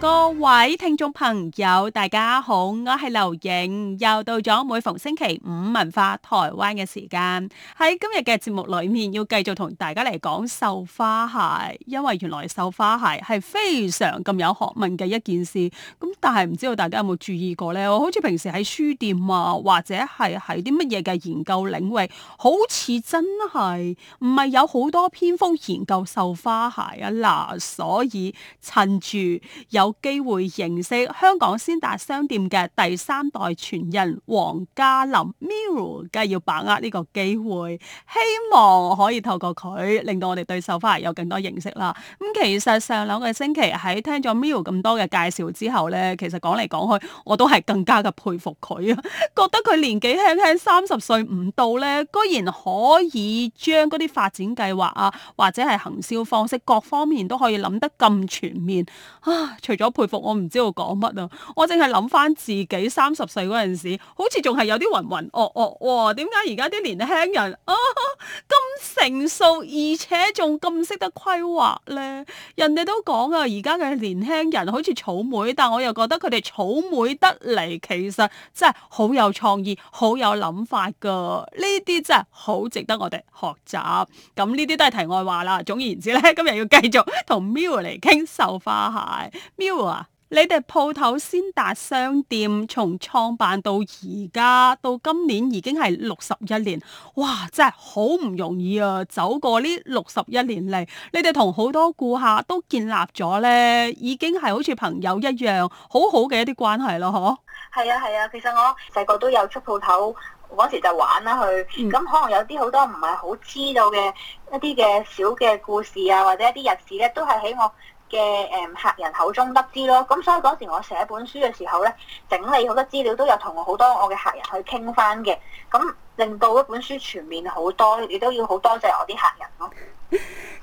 各位聽眾朋友，大家好，我係劉影，又到咗每逢星期五文化台灣嘅時間。喺今日嘅節目裏面，要繼續同大家嚟講繡花鞋，因為原來繡花鞋係非常咁有學問嘅一件事。咁但係唔知道大家有冇注意過咧？我好似平時喺書店啊，或者係喺啲乜嘢嘅研究領域，好似真係唔係有好多篇幅研究繡花鞋啊嗱，所以趁住有。機會認識香港先達商店嘅第三代傳人黃嘉林 Miru，梗係要把握呢個機會，希望可以透過佢令到我哋對繡花有更多認識啦。咁其實上兩個星期喺聽咗 Miru 咁多嘅介紹之後呢，其實講嚟講去，我都係更加嘅佩服佢啊，覺得佢年紀輕輕三十歲唔到呢，居然可以將嗰啲發展計劃啊，或者係行銷方式各方面都可以諗得咁全面啊，除咗佩服，我唔知道講乜啊！我淨係諗返自己三十歲嗰陣時，好似仲係有啲渾渾噩噩喎。點解而家啲年輕人咁、哦、成熟，而且仲咁識得規劃呢？人哋都講啊，而家嘅年輕人好似草莓，但我又覺得佢哋草莓得嚟，其實真係好有創意，好有諗法㗎。呢啲真係好值得我哋學習。咁呢啲都係題外話啦。總言之呢，今日要繼續同 Miru 嚟傾繡花鞋，Miru。你哋鋪頭先達商店從創辦到而家到今年已經係六十一年，哇！真係好唔容易啊！走過呢六十一年嚟，你哋同好多顧客都建立咗呢已經係好似朋友一樣好好嘅一啲關係咯，嗬？係啊係啊，其實我細個都有出鋪頭，嗰時就玩啦、啊、去，咁、嗯、可能有啲好多唔係好知道嘅一啲嘅小嘅故事啊，或者一啲日子呢，都係喺我。嘅誒、嗯、客人口中得知咯，咁所以嗰時我寫本書嘅時候咧，整理好多資料，都有同好多我嘅客人去傾翻嘅，咁令到嗰本書全面好多，亦都要好多謝我啲客人咯。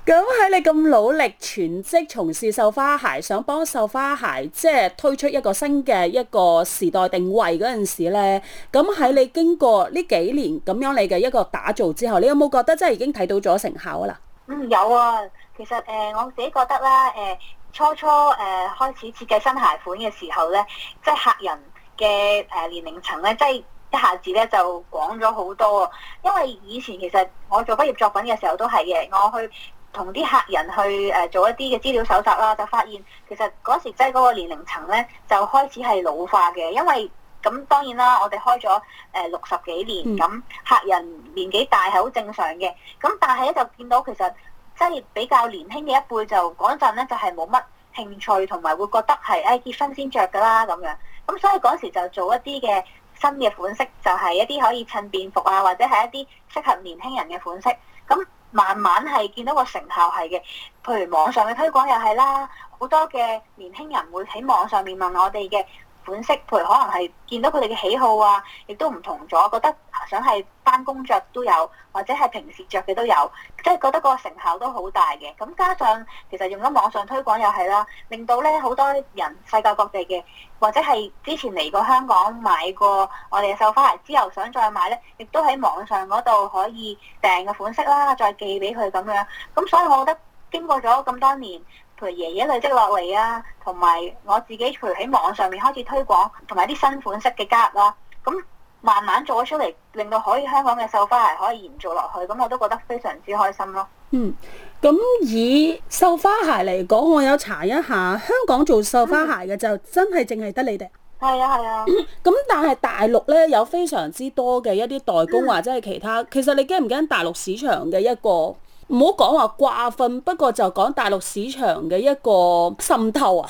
咁喺你咁努力全職從事繡花鞋，想幫繡花鞋即係推出一個新嘅一個時代定位嗰陣時咧，咁喺你經過呢幾年咁樣你嘅一個打造之後，你有冇覺得即係已經睇到咗成效啊？嗱，嗯，有啊。其實誒我自己覺得啦，誒初初誒開始設計新鞋款嘅時候咧，即係客人嘅誒年齡層咧，即係一下子咧就廣咗好多。因為以前其實我做畢業作品嘅時候都係嘅，我去同啲客人去誒做一啲嘅資料搜集啦，就發現其實嗰時即係嗰個年齡層咧就開始係老化嘅，因為咁當然啦，我哋開咗誒六十幾年，咁客人年紀大係好正常嘅，咁但係咧就見到其實。即係比較年輕嘅一輩就嗰陣咧，就係冇乜興趣同埋會覺得係，哎結婚先着噶啦咁樣。咁所以嗰時就做一啲嘅新嘅款式，就係一啲可以襯便服啊，或者係一啲適合年輕人嘅款式。咁慢慢係見到個成效係嘅，譬如網上嘅推廣又係啦，好多嘅年輕人會喺網上面問我哋嘅。款式，譬如可能係見到佢哋嘅喜好啊，亦都唔同咗，覺得想係翻工作都有，或者係平時着嘅都有，即係覺得個成效都好大嘅。咁加上其實用咗網上推廣又係啦，令到咧好多人世界各地嘅，或者係之前嚟過香港買過我哋嘅繡花鞋之後想再買咧，亦都喺網上嗰度可以訂個款式啦，再寄俾佢咁樣。咁所以我覺得經過咗咁多年。陪爺爺累積落嚟啊，同埋我自己除喺網上面開始推廣，同埋啲新款式嘅加入啦，咁慢慢做咗出嚟，令到可以香港嘅繡花鞋可以延續落去，咁我都覺得非常之開心咯、嗯。嗯，咁、嗯、以繡花鞋嚟講，我有查一下香港做繡花鞋嘅就真係淨係得你哋。係啊係啊。咁、啊嗯、但係大陸呢，有非常之多嘅一啲代工或者係其他，嗯、其實你驚唔驚大陸市場嘅一個？唔好講話瓜分，不過就講大陸市場嘅一個滲透啊。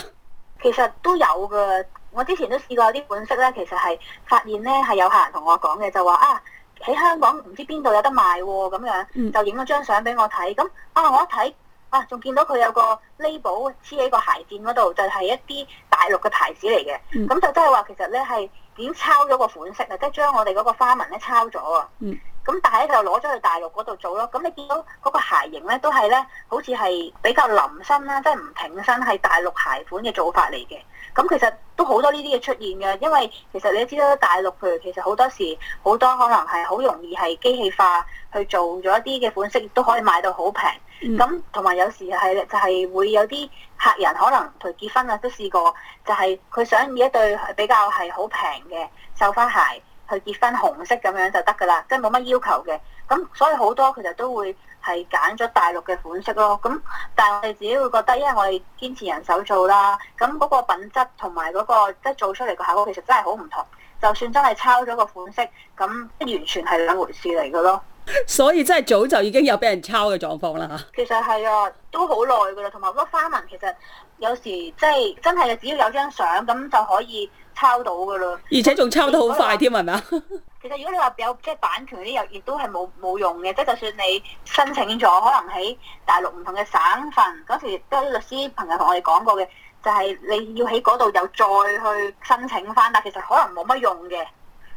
其實都有嘅，我之前都試過有啲款式咧，其實係發現咧係有客人同我講嘅，就話啊喺香港唔知邊度有得賣喎、啊、咁樣，就影咗張相俾我睇。咁啊，我一睇啊，仲見到佢有個 label 黐喺個鞋店嗰度，就係、是、一啲大陸嘅牌子嚟嘅。咁、嗯、就即係話其實咧係已經抄咗個款式啊，即係將我哋嗰個花紋咧抄咗啊。嗯。咁但係咧就攞咗去大陸嗰度做咯，咁你見到嗰個鞋型咧，都係咧好似係比較臨身啦，即係唔挺身，係、就是、大陸鞋款嘅做法嚟嘅。咁其實都好多呢啲嘅出現嘅，因為其實你都知道大陸譬如其實好多時好多可能係好容易係機器化去做咗一啲嘅款式，都可以買到好平。咁同埋有時係就係、是、會有啲客人可能佢結婚啊，都試過就係、是、佢想要一對比較係好平嘅繡花鞋。去結婚紅色咁樣就得噶啦，即係冇乜要求嘅。咁所以好多其實都會係揀咗大陸嘅款式咯。咁但係我自己會覺得，因為我哋堅持人手做啦，咁嗰個品質同埋嗰個即係做出嚟個效果，其實真係好唔同。就算真係抄咗個款式，咁完全係兩回事嚟嘅咯。所以真係早就已經有俾人抄嘅狀況啦嚇。其實係啊，都好耐噶啦。同埋嗰個花紋其實有時即係真係只要有張相咁就可以。抄到㗎喇，而且仲抄得好快添，係咪？ 其實如果你話有即係、就是、版權啲，又亦都係冇冇用嘅，即係就算你申請咗，可能喺大陸唔同嘅省份嗰時都有啲律師朋友同我哋講過嘅，就係、是、你要喺嗰度又再去申請返，但其實可能冇乜用嘅，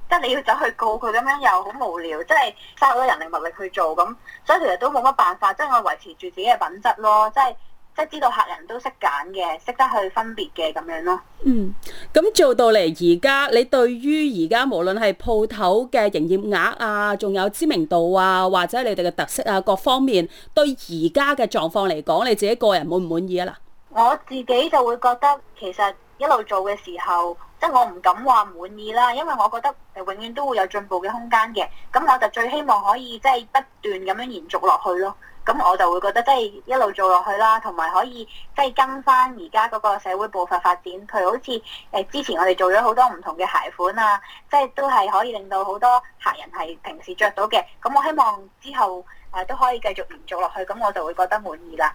即係你要走去告佢咁樣又好無聊，即係嘥好多人力物力去做咁，所以其實都冇乜辦法，即係我維持住自己嘅品質咯，即係。即係知道客人都識揀嘅，識得去分別嘅咁樣咯。嗯，咁做到嚟而家，你對於而家無論係鋪頭嘅營業額啊，仲有知名度啊，或者你哋嘅特色啊各方面，對而家嘅狀況嚟講，你自己個人滿唔滿意啊？嗱，我自己就會覺得其實一路做嘅時候。即係我唔敢話滿意啦，因為我覺得永遠都會有進步嘅空間嘅，咁我就最希望可以即係不斷咁樣延續落去咯。咁我就會覺得即係一路做落去啦，同埋可以即係跟翻而家嗰個社會步伐發展。譬如好似誒之前我哋做咗好多唔同嘅鞋款啊，即係都係可以令到好多客人係平時着到嘅。咁我希望之後誒都可以繼續延續落去，咁我就會覺得滿意啦。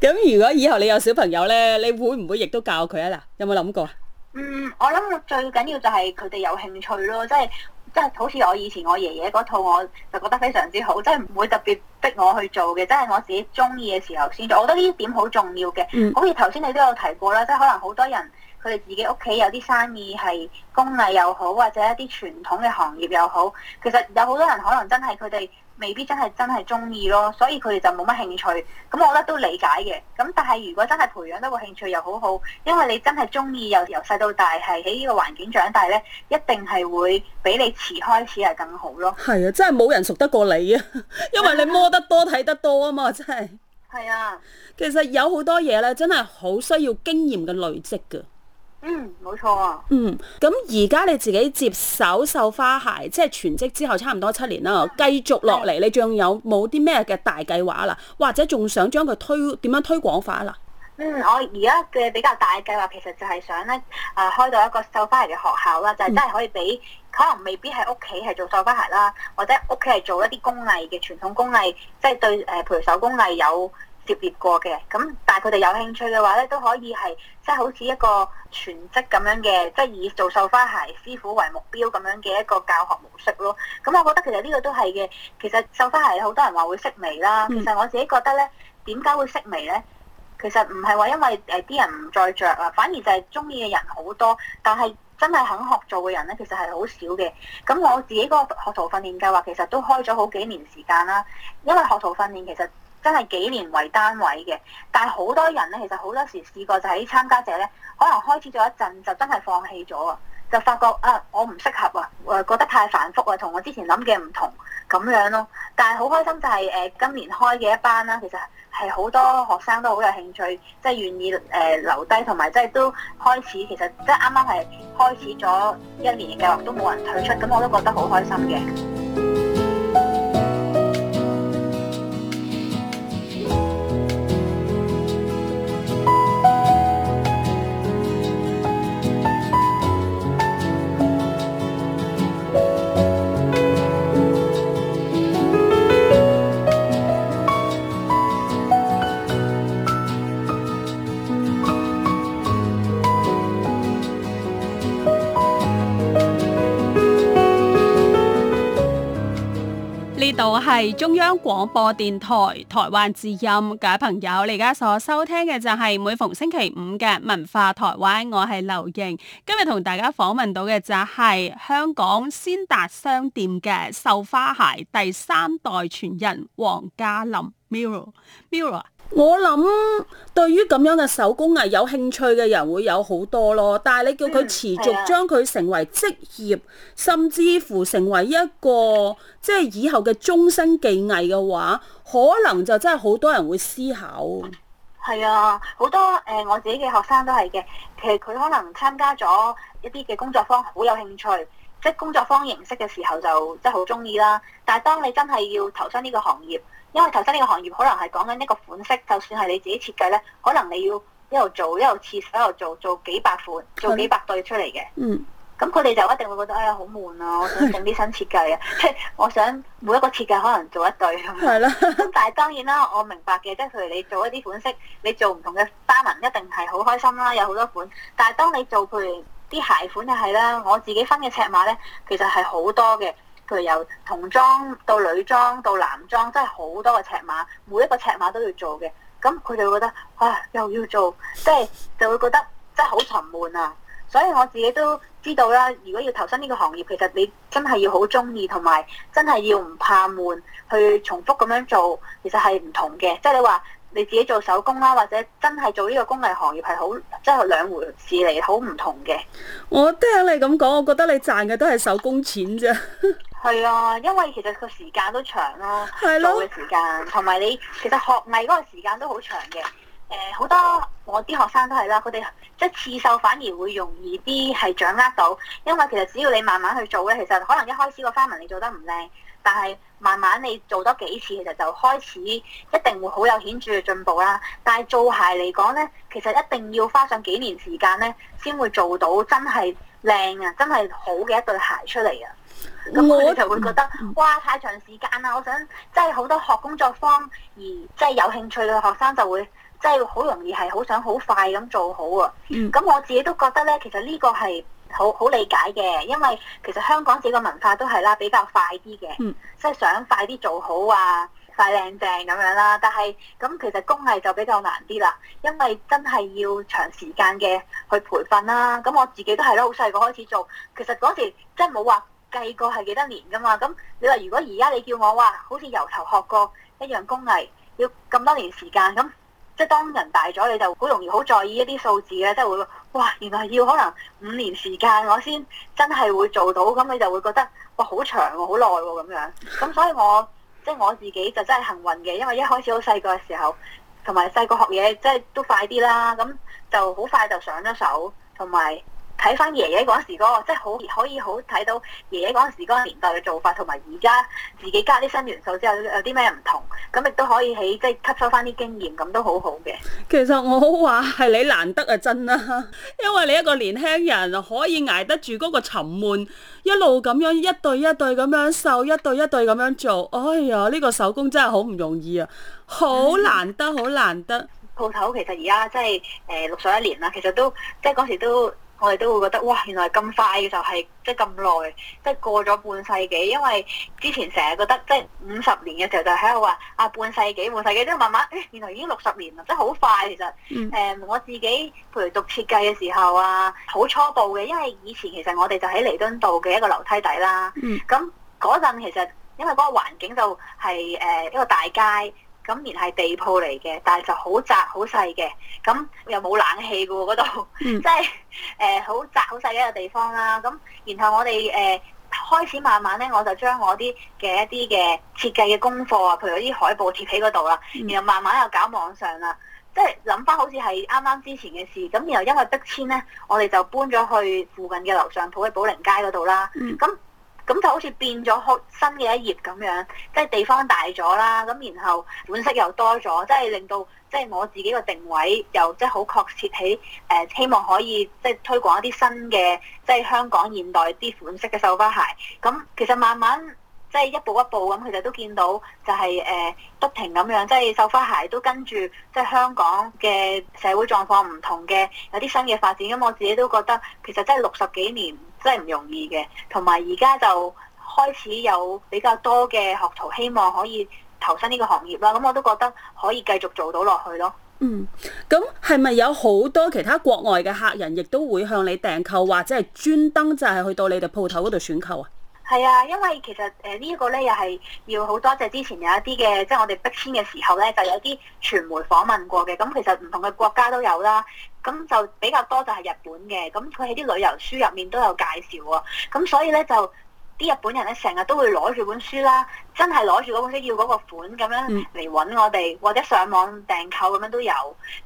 咁如果以後你有小朋友咧，你會唔會亦都教佢啊？嗱，有冇諗過啊？嗯，我諗最緊要就係佢哋有興趣咯，即係即係好似我以前我爺爺嗰套，我就覺得非常之好，即係唔會特別逼我去做嘅，即係我自己中意嘅時候先做。我覺得呢點好重要嘅。好似頭先你都有提過啦，即係可能好多人佢哋自己屋企有啲生意係工藝又好，或者一啲傳統嘅行業又好，其實有好多人可能真係佢哋。未必真係真係中意咯，所以佢哋就冇乜興趣。咁我覺得都理解嘅。咁但係如果真係培養得個興趣又好好，因為你真係中意，又由細到大係喺呢個環境長大呢，一定係會比你遲開始係更好咯。係啊，真係冇人熟得過你啊！因為你摸得多睇 得多啊嘛，真係。係啊。其實有好多嘢呢，真係好需要經驗嘅累積㗎。嗯，冇錯啊。嗯，咁而家你自己接手繡花鞋，即、就、係、是、全職之後差唔多七年啦，繼、嗯、續落嚟，嗯、你仲有冇啲咩嘅大計劃啦？或者仲想將佢推點樣推廣法啦？嗯，我而家嘅比較大嘅計劃，其實就係想咧，誒、呃、開到一個繡花鞋嘅學校啦，就是、真係可以俾、嗯、可能未必喺屋企係做繡花鞋啦，或者屋企係做一啲工藝嘅傳統工藝，即、就、係、是、對誒、呃、譬如手工藝有。接業過嘅，咁但係佢哋有興趣嘅話咧，都可以係即係好似一個全職咁樣嘅，即係以做繡花鞋師傅為目標咁樣嘅一個教學模式咯。咁，嗯，我覺得其實呢個都係嘅。其實繡花鞋好多人話會識眉啦，其實我自己覺得咧，點解會式微咧？其實唔係話因為誒啲人唔再着啊，反而就係中意嘅人好多，但係真係肯學做嘅人咧，其實係好少嘅。咁我自己嗰個學徒訓練計劃其實都開咗好幾年時間啦，因為學徒訓練其實。真係幾年為單位嘅，但係好多人呢，其實好多時試過就喺參加者呢，可能開始咗一陣就真係放棄咗啊，就發覺啊我唔適合啊，誒、呃、覺得太繁複啊，同我之前諗嘅唔同咁樣咯。但係好開心就係、是、誒、呃、今年開嘅一班啦，其實係好多學生都好有興趣，即係願意誒、呃、留低，同埋即係都開始，其實即係啱啱係開始咗一年嘅計劃，都冇人退出，咁我都覺得好開心嘅。係中央廣播電台台灣之音，各位朋友，你而家所收聽嘅就係每逢星期五嘅文化台灣，我係劉瑩。今日同大家訪問到嘅就係香港先達商店嘅繡花鞋第三代傳人王嘉林，Miru，Miru。Mirror, Mirror 我諗對於咁樣嘅手工藝有興趣嘅人會有好多咯，但係你叫佢持續將佢成為職業，嗯啊、甚至乎成為一個即係以後嘅終身技藝嘅話，可能就真係好多人會思考。係啊，好多誒、呃，我自己嘅學生都係嘅。其實佢可能參加咗一啲嘅工作坊，好有興趣，即係工作坊形式嘅時候就即係好中意啦。但係當你真係要投身呢個行業。因為頭先呢個行業可能係講緊一個款式，就算係你自己設計呢，可能你要一路做一路設一路做做幾百款，做幾百對出嚟嘅。嗯。咁佢哋就一定會覺得，哎呀好悶啊！我想整啲新設計啊，即係 我想每一個設計可能做一對。係啦。咁但係當然啦，我明白嘅，即係譬如你做一啲款式，你做唔同嘅花紋一定係好開心啦，有好多款。但係當你做譬如啲鞋款又係啦，我自己分嘅尺碼呢，其實係好多嘅。佢由童裝到女裝到男裝，真係好多個尺碼，每一個尺碼都要做嘅。咁佢哋會覺得啊，又要做，即係就會覺得真係好沉悶啊。所以我自己都知道啦。如果要投身呢個行業，其實你真係要好鍾意，同埋真係要唔怕悶，去重複咁樣做，其實係唔同嘅。即係你話你自己做手工啦、啊，或者真係做呢個工藝行業係好，即係兩回事嚟，好唔同嘅。我聽你咁講，我覺得你賺嘅都係手工錢啫。 係啊，因為其實個時間都長咯，做嘅時間同埋你其實學藝嗰個時間都好長嘅。誒，好多我啲學生都係啦，佢哋即係刺繡反而會容易啲係掌握到，因為其實只要你慢慢去做咧，其實可能一開始個花紋你做得唔靚，但係慢慢你做多幾次，其實就開始一定會好有顯著嘅進步啦。但係做鞋嚟講咧，其實一定要花上幾年時間咧，先會做到真係靚啊，真係好嘅一對鞋出嚟啊！咁佢就會覺得，哇！太長時間啦，我想即係好多學工作坊，而即係有興趣嘅學生就會即係好容易係好想好快咁做好啊！咁、嗯、我自己都覺得咧，其實呢個係好好理解嘅，因為其實香港自己嘅文化都係啦，比較快啲嘅，即係、嗯、想快啲做好啊，快靚正咁樣啦。但係咁其實工藝就比較難啲啦，因為真係要長時間嘅去培訓啦、啊。咁我自己都係啦，好細個開始做，其實嗰時即係冇話。細個係幾多年噶嘛？咁你話如果而家你叫我哇，好似由頭學過一樣工藝，要咁多年時間，咁即係當人大咗，你就好容易好在意一啲數字咧，即係會哇，原來要可能五年時間我先真係會做到，咁你就會覺得哇，好長喎，好耐喎咁樣。咁所以我即係我自己就真係幸運嘅，因為一開始好細個嘅時候，同埋細個學嘢即係都快啲啦，咁就好快就上咗手，同埋。睇翻爺爺嗰陣時嗰個，即係好可以好睇到爺爺嗰陣時嗰個年代嘅做法，同埋而家自己加啲新元素之後，有啲咩唔同，咁亦都可以喺即係吸收翻啲經驗，咁都好好嘅。其實我話係你難得啊，真啦，因為你一個年輕人可以捱得住嗰個沉悶，一路咁樣一對一對咁樣做，一對一對咁樣做，哎呀，呢個手工真係好唔容易啊，好難得，好難得，嗯。鋪頭其實而家即係誒六十一年啦，其實都即係嗰時都。我哋都會覺得，哇！原來咁快嘅時候係即係咁耐，即係過咗半世紀。因為之前成日覺得即係五十年嘅時候就，就喺度話啊，半世紀，半世紀，即係慢慢，誒原來已經六十年啦，即係好快其實。嗯、呃。我自己譬如讀設計嘅時候啊，好初步嘅，因為以前其實我哋就喺彌敦道嘅一個樓梯底啦。嗯、啊。咁嗰陣其實因為嗰個環境就係、是、誒、呃、一個大街。咁連係地鋪嚟嘅，但係就好窄好細嘅，咁又冇冷氣嘅喎嗰度，即係誒好窄好細嘅一個地方啦、啊。咁然後我哋誒、呃、開始慢慢咧，我就將我啲嘅一啲嘅設計嘅功課啊，譬如啲海報貼喺嗰度啦。Mm. 然後慢慢又搞網上啦，即係諗翻好似係啱啱之前嘅事。咁然後因為逼遷咧，我哋就搬咗去附近嘅樓上鋪喺寶靈街嗰度啦。咁咁就好似變咗開新嘅一頁咁樣，即係地方大咗啦，咁然後款式又多咗，即係令到即係我自己個定位又即係好確切起，誒、呃，希望可以即係推廣一啲新嘅即係香港現代啲款式嘅繡花鞋。咁其實慢慢即係一步一步咁，佢哋都見到就係誒不停咁樣，即係繡花鞋都跟住即係香港嘅社會狀況唔同嘅有啲新嘅發展。咁我自己都覺得其實真係六十幾年。真係唔容易嘅，同埋而家就開始有比較多嘅學徒希望可以投身呢個行業啦。咁我都覺得可以繼續做到落去咯。嗯，咁係咪有好多其他國外嘅客人亦都會向你訂購，或者係專登就係去到你哋鋪頭嗰度選購啊？係啊，因為其實誒呢一個咧，又係要好多謝之前有一啲嘅，即係我哋逼遷嘅時候咧，就有啲傳媒訪問過嘅。咁其實唔同嘅國家都有啦，咁就比較多就係日本嘅。咁佢喺啲旅遊書入面都有介紹喎。咁所以咧就。啲日本人咧成日都會攞住本書啦，真係攞住本書要嗰個款咁樣嚟揾我哋，或者上網訂購咁樣都有。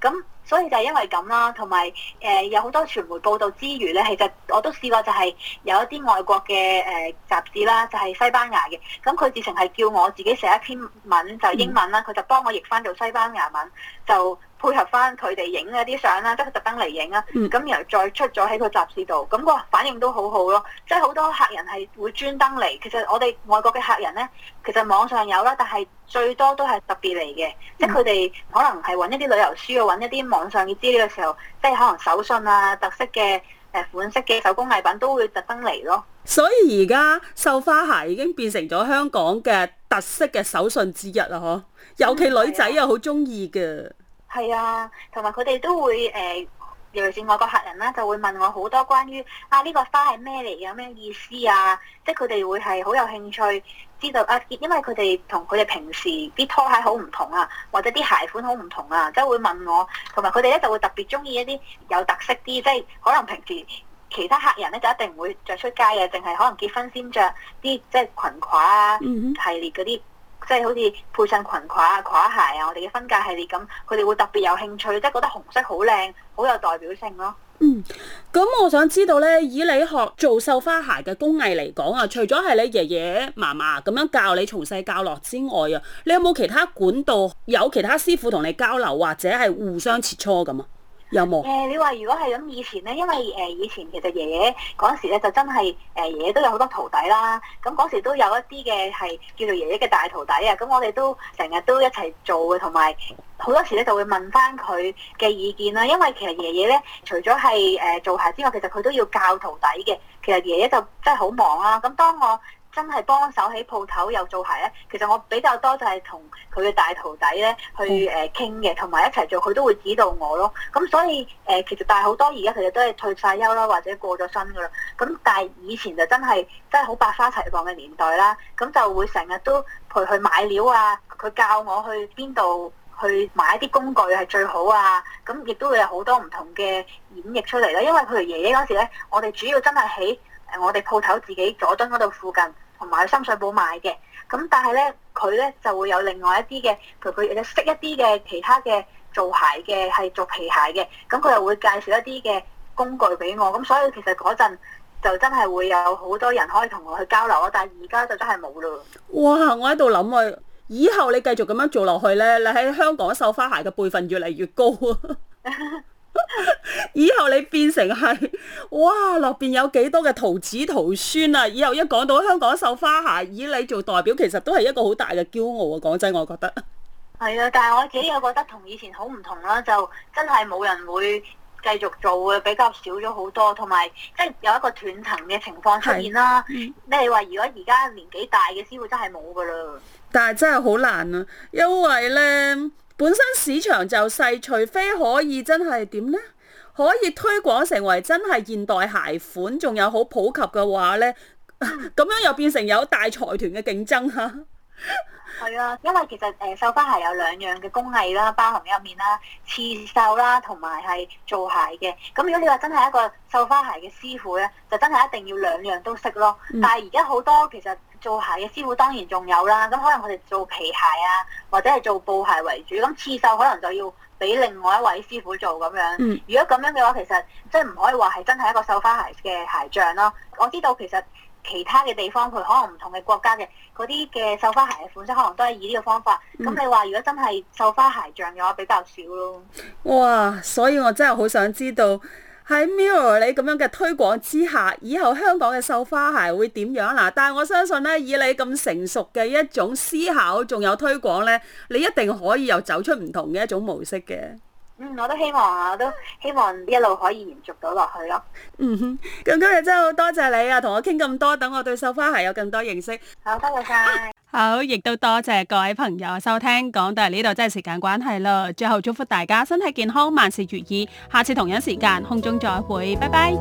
咁所以就係因為咁啦，同埋誒有好、呃、多傳媒報導之餘咧，其實我都試過就係有一啲外國嘅誒雜誌啦，就係、是、西班牙嘅。咁佢自成係叫我自己寫一篇文就是、英文啦，佢、嗯、就幫我譯返做西班牙文就。配合翻佢哋影嗰啲相啦，即、就、係、是、特登嚟影啊。咁、嗯、然後再出咗喺個雜誌度，咁、那個反應都好好咯。即係好多客人係會專登嚟。其實我哋外國嘅客人呢，其實網上有啦，但係最多都係特別嚟嘅，嗯、即係佢哋可能係揾一啲旅遊書啊，揾一啲網上嘅資料嘅時候，即係可能手信啊、特色嘅誒、呃、款式嘅手工藝品都會特登嚟咯。所以而家繡花鞋已經變成咗香港嘅特色嘅手信之一啦，嗬，嗯、尤其女仔又好中意嘅。係啊，同埋佢哋都會誒、呃，尤其是外國客人啦，就會問我好多關於啊呢、這個花係咩嚟嘅，咩意思啊？即係佢哋會係好有興趣知道啊，因為佢哋同佢哋平時啲拖鞋好唔同啊，或者啲鞋款好唔同啊，即係會問我。同埋佢哋咧就會特別鍾意一啲有特色啲，即、就、係、是、可能平時其他客人咧就一定唔會着出街嘅，淨係可能結婚先着啲即係裙褂啊系列嗰啲。Mm hmm. 即係好似配上裙褂、啊、垮鞋啊，我哋嘅婚嫁系列咁，佢哋會特別有興趣，即係覺得紅色好靚，好有代表性咯。嗯，咁我想知道呢，以你學做繡花鞋嘅工藝嚟講啊，除咗係你爺爺嫲嫲咁樣教你從細教落之外啊，你有冇其他管道，有其他師傅同你交流或者係互相切磋咁啊？有冇？誒，你話如果係咁以前咧，因為誒以前其實爺爺嗰時咧就真係誒爺爺都有好多徒弟啦。咁嗰時都有一啲嘅係叫做爺爺嘅大徒弟啊。咁我哋都成日都一齊做嘅，同埋好多時咧就會問返佢嘅意見啦。因為其實爺爺咧除咗係誒做鞋之外，其實佢都要教徒弟嘅。其實爺爺就真係好忙啦、啊。咁當我，真係幫手起鋪頭又做鞋咧，其實我比較多就係同佢嘅大徒弟咧去誒傾嘅，同埋、嗯、一齊做佢都會指導我咯。咁所以誒、呃，其實但係好多而家其實都係退晒休啦，或者過咗身噶啦。咁但係以前就真係真係好百花齊放嘅年代啦。咁就會成日都陪佢買料啊，佢教我去邊度去買一啲工具係最好啊。咁亦都會有好多唔同嘅演繹出嚟啦。因為佢爺爺嗰時咧，我哋主要真係喺我哋鋪頭自己佐敦嗰度附近同埋去深水埗買嘅，咁但係呢，佢呢就會有另外一啲嘅，同佢亦識一啲嘅其他嘅做鞋嘅係做皮鞋嘅，咁佢又會介紹一啲嘅工具俾我，咁所以其實嗰陣就真係會有好多人可以同我去交流咯，但係而家就真係冇咯。哇！我喺度諗啊，以後你繼續咁樣做落去呢，你喺香港繡花鞋嘅輩分越嚟越高 以後你變成係哇，落邊有幾多嘅徒子徒孫啊？以後一講到香港繡花鞋，以你做代表，其實都係一個好大嘅驕傲啊！講真，我覺得係啊，但係我自己又覺得同以前好唔同啦，就真係冇人會繼續做嘅，比較少咗好多，同埋即係有一個斷層嘅情況出現啦。嗯、你話如果而家年紀大嘅師傅真係冇噶啦，但係真係好難啊，因為咧本身市場就細，除非可以真係點咧？可以推廣成為真係現代鞋款，仲有好普及嘅話呢，咁樣又變成有大財團嘅競爭嚇。係 啊，因為其實誒、呃，繡花鞋有兩樣嘅工藝啦，包含入面啦，刺繡啦，同埋係做鞋嘅。咁如果你話真係一個繡花鞋嘅師傅呢，就真係一定要兩樣都識咯。嗯、但係而家好多其實做鞋嘅師傅當然仲有啦，咁可能我哋做皮鞋啊，或者係做布鞋為主，咁刺繡可能就要。俾另外一位師傅做咁樣，如果咁樣嘅話，其實即係唔可以話係真係一個繡花鞋嘅鞋匠咯。我知道其實其他嘅地方佢可能唔同嘅國家嘅嗰啲嘅繡花鞋嘅款式，可能都係以呢個方法。咁你話如果真係繡花鞋匠嘅話，比較少咯。嘩！所以我真係好想知道。喺 Miru 你咁樣嘅推廣之下，以後香港嘅繡花鞋會點樣啦？但係我相信咧，以你咁成熟嘅一種思考，仲有推廣咧，你一定可以又走出唔同嘅一種模式嘅。嗯，我都希望啊，我都希望一路可以延續到落去咯。嗯哼，咁今日真係好多謝你啊，同我傾咁多，等我對繡花鞋有更多認識。好，多謝曬。啊。好，亦都多謝各位朋友收聽，講到呢度真係時間關係啦。最後祝福大家身體健康，萬事如意。下次同樣時間，空中再會，拜拜。